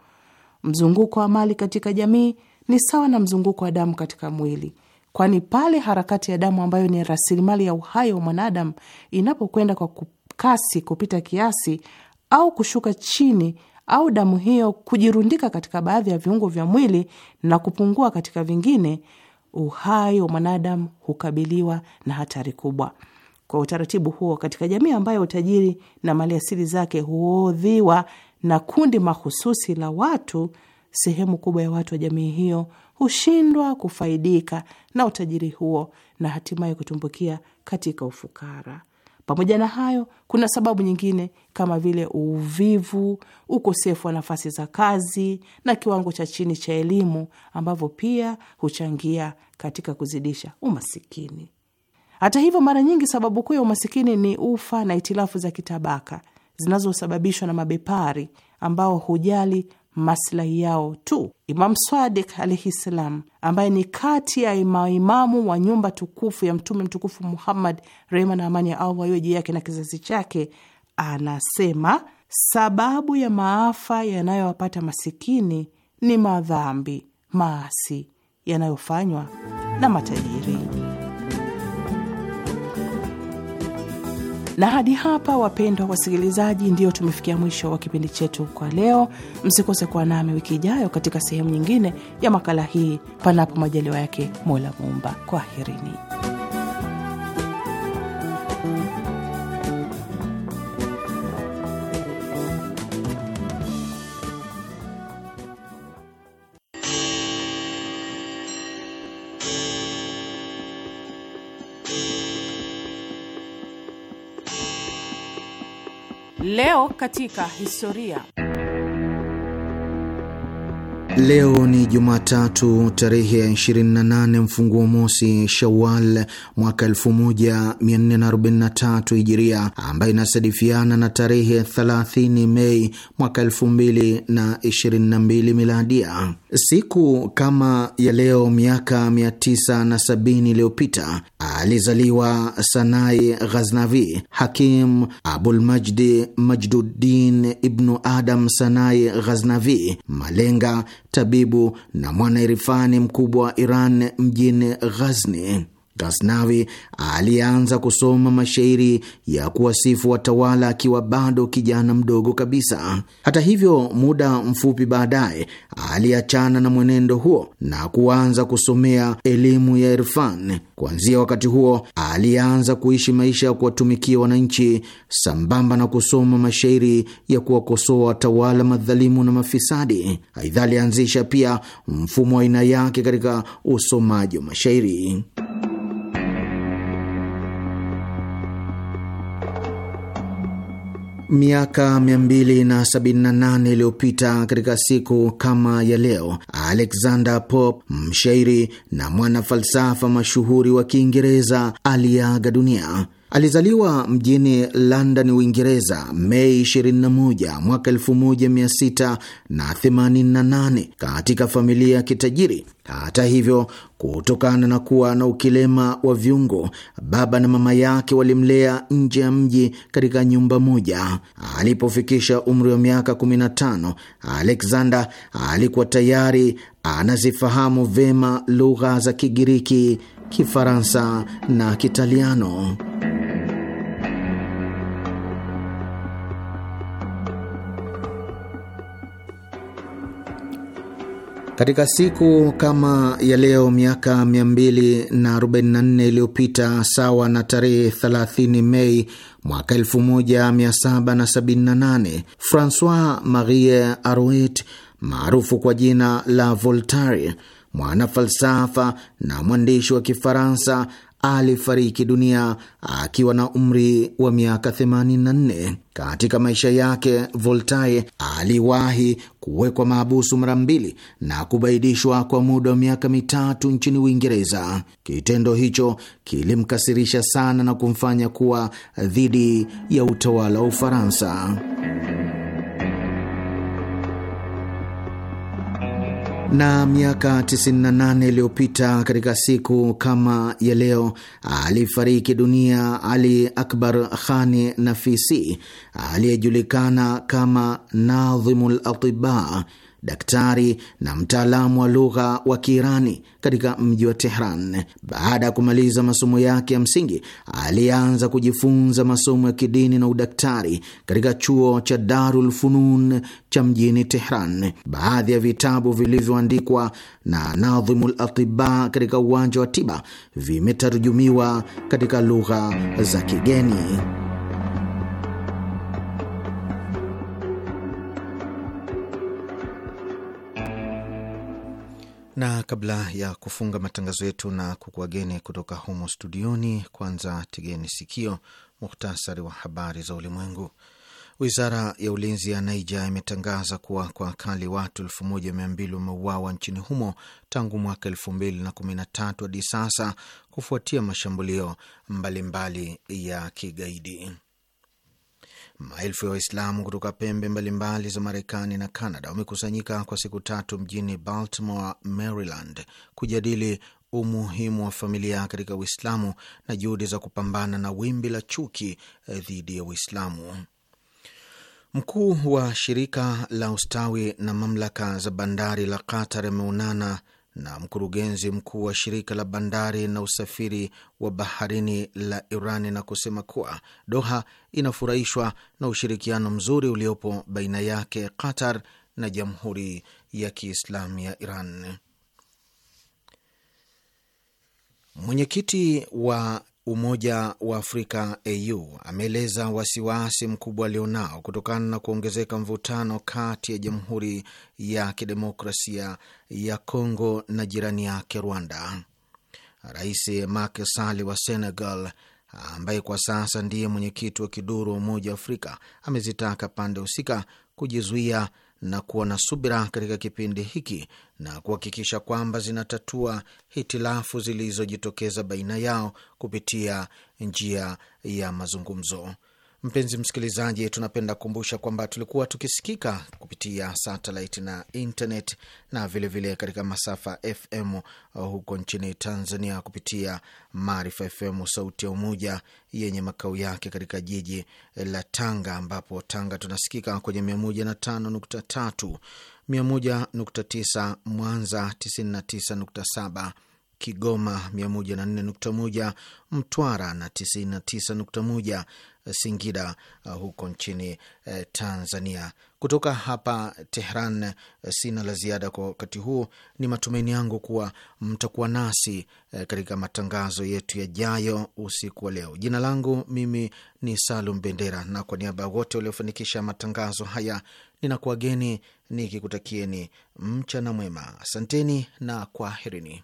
Mzunguko wa mali katika jamii ni sawa na mzunguko wa damu katika mwili, kwani pale harakati ya damu ambayo ni rasilimali ya uhai wa mwanadamu inapokwenda kwa kasi kupita kiasi au kushuka chini au damu hiyo kujirundika katika baadhi ya viungo vya mwili na kupungua katika vingine, uhai wa mwanadamu hukabiliwa na hatari kubwa. Kwa utaratibu huo, katika jamii ambayo utajiri na maliasili zake huodhiwa na kundi mahususi la watu, sehemu kubwa ya watu wa jamii hiyo hushindwa kufaidika na utajiri huo na hatimaye kutumbukia katika ufukara. Pamoja na hayo, kuna sababu nyingine kama vile uvivu, ukosefu wa nafasi za kazi na kiwango cha chini cha elimu ambavyo pia huchangia katika kuzidisha umasikini. Hata hivyo, mara nyingi sababu kuu ya umasikini ni ufa na itilafu za kitabaka zinazosababishwa na mabepari ambao hujali maslahi yao tu. Imam Swadik alaihi ssalam, ambaye ni kati ya maimamu wa nyumba tukufu ya mtume mtukufu Muhammad, rehma na amani ya Allah iwe juu yake na kizazi chake, anasema sababu ya maafa yanayowapata masikini ni madhambi maasi yanayofanywa na matajiri. Na hadi hapa, wapendwa wasikilizaji, ndio tumefikia mwisho wa kipindi chetu kwa leo. Msikose kuwa nami wiki ijayo katika sehemu nyingine ya makala hii, panapo majaliwa yake Mola Muumba. Kwaherini. Leo katika historia. Leo ni Jumatatu tarehe ya 28 mfunguo mosi Shawal mwaka 1443 Hijiria, ambayo inasadifiana na tarehe 30 Mei mwaka 2022 Miladia. Siku kama ya leo miaka 970 iliyopita alizaliwa Sanai Ghaznavi. Hakim Abulmajdi Majduddin Ibnu Adam Sanai Ghaznavi, malenga, tabibu na mwanairifani mkubwa wa Iran mjini Ghazni. Ghaznavi alianza kusoma mashairi ya kuwasifu watawala akiwa bado kijana mdogo kabisa. Hata hivyo, muda mfupi baadaye aliachana na mwenendo huo na kuanza kusomea elimu ya Irfan. Kuanzia wakati huo alianza kuishi maisha ya kuwatumikia wananchi sambamba na kusoma mashairi ya kuwakosoa watawala madhalimu na mafisadi. Aidha, alianzisha pia mfumo wa aina yake katika usomaji wa mashairi. Miaka 278 iliyopita katika siku kama ya leo, Alexander Pope, mshairi na mwanafalsafa mashuhuri wa Kiingereza, aliaga dunia. Alizaliwa mjini London, Uingereza, Mei 21 mwaka 1688 katika familia ya kitajiri. Hata hivyo, kutokana na kuwa na ukilema wa viungo, baba na mama yake walimlea nje ya mji katika nyumba moja. Alipofikisha umri wa miaka 15, Alexander alikuwa tayari anazifahamu vema lugha za Kigiriki, Kifaransa na Kitaliano. Katika siku kama ya leo miaka 244 iliyopita, sawa na tarehe 30 Mei mwaka 1778, Francois Marie Arouet maarufu kwa jina la Voltaire, mwana falsafa na mwandishi wa Kifaransa alifariki dunia akiwa na umri wa miaka 84. Katika maisha yake, Voltaire aliwahi kuwekwa maabusu mara mbili na kubaidishwa kwa muda wa miaka mitatu nchini Uingereza. Kitendo hicho kilimkasirisha sana na kumfanya kuwa dhidi ya utawala wa Ufaransa. Na miaka 98 iliyopita katika siku kama ya leo alifariki dunia Ali Akbar Khani Nafisi aliyejulikana kama Nadhimul Atiba daktari na mtaalamu wa lugha wa Kiirani katika mji wa Tehran. Baada ya kumaliza masomo yake ya msingi, alianza kujifunza masomo ya kidini na udaktari katika chuo cha Darul Funun cha mjini Tehran. Baadhi ya vitabu vilivyoandikwa na Nadhimul Atiba katika uwanja wa tiba vimetarujumiwa katika lugha za kigeni. na kabla ya kufunga matangazo yetu na kukuageni kutoka humo studioni, kwanza tegeni sikio muhtasari wa habari za ulimwengu. Wizara ya ulinzi ya Naija imetangaza kuwa kwa akali watu elfu moja mia mbili wameuawa nchini humo tangu mwaka elfu mbili na kumi na tatu hadi sasa kufuatia mashambulio mbalimbali mbali ya kigaidi. Maelfu ya Waislamu kutoka pembe mbalimbali mbali za Marekani na canada wamekusanyika kwa siku tatu mjini Baltimore, Maryland, kujadili umuhimu wa familia katika Uislamu na juhudi za kupambana na wimbi la chuki eh, dhidi ya Uislamu. Mkuu wa shirika la ustawi na mamlaka za bandari la Qatar ameonana na mkurugenzi mkuu wa shirika la bandari na usafiri wa baharini la iran na kusema kuwa Doha inafurahishwa na ushirikiano mzuri uliopo baina yake Qatar na Jamhuri ya Kiislamu ya Iran. Mwenyekiti wa Umoja wa Afrika AU ameeleza wasiwasi mkubwa alionao kutokana na kuongezeka mvutano kati ya Jamhuri ya Kidemokrasia ya Kongo na jirani yake Rwanda. Rais Macky Sall wa Senegal ambaye kwa sasa ndiye mwenyekiti wa kiduru wa Umoja wa Afrika amezitaka pande husika kujizuia na kuwa na subira katika kipindi hiki na kuhakikisha kwamba zinatatua hitilafu zilizojitokeza baina yao kupitia njia ya mazungumzo. Mpenzi msikilizaji, tunapenda kukumbusha kwamba tulikuwa tukisikika kupitia satelit na internet na vilevile vile katika masafa FM huko nchini Tanzania kupitia Maarifa FM Sauti ya Umoja yenye makao yake katika jiji la Tanga, ambapo Tanga tunasikika kwenye 105.3, 101.9 Mwanza, 99.7 Kigoma 104.1, Mtwara na 99.1 Singida uh, huko nchini uh, Tanzania. Kutoka hapa Tehran uh, sina la ziada kwa wakati huu. Ni matumaini yangu kuwa mtakuwa nasi katika matangazo yetu yajayo usiku wa leo. Jina langu mimi ni Salum Bendera, na kwa niaba ya wote waliofanikisha matangazo haya ninakuwageni nikikutakieni mchana mwema. Asanteni na kwaherini.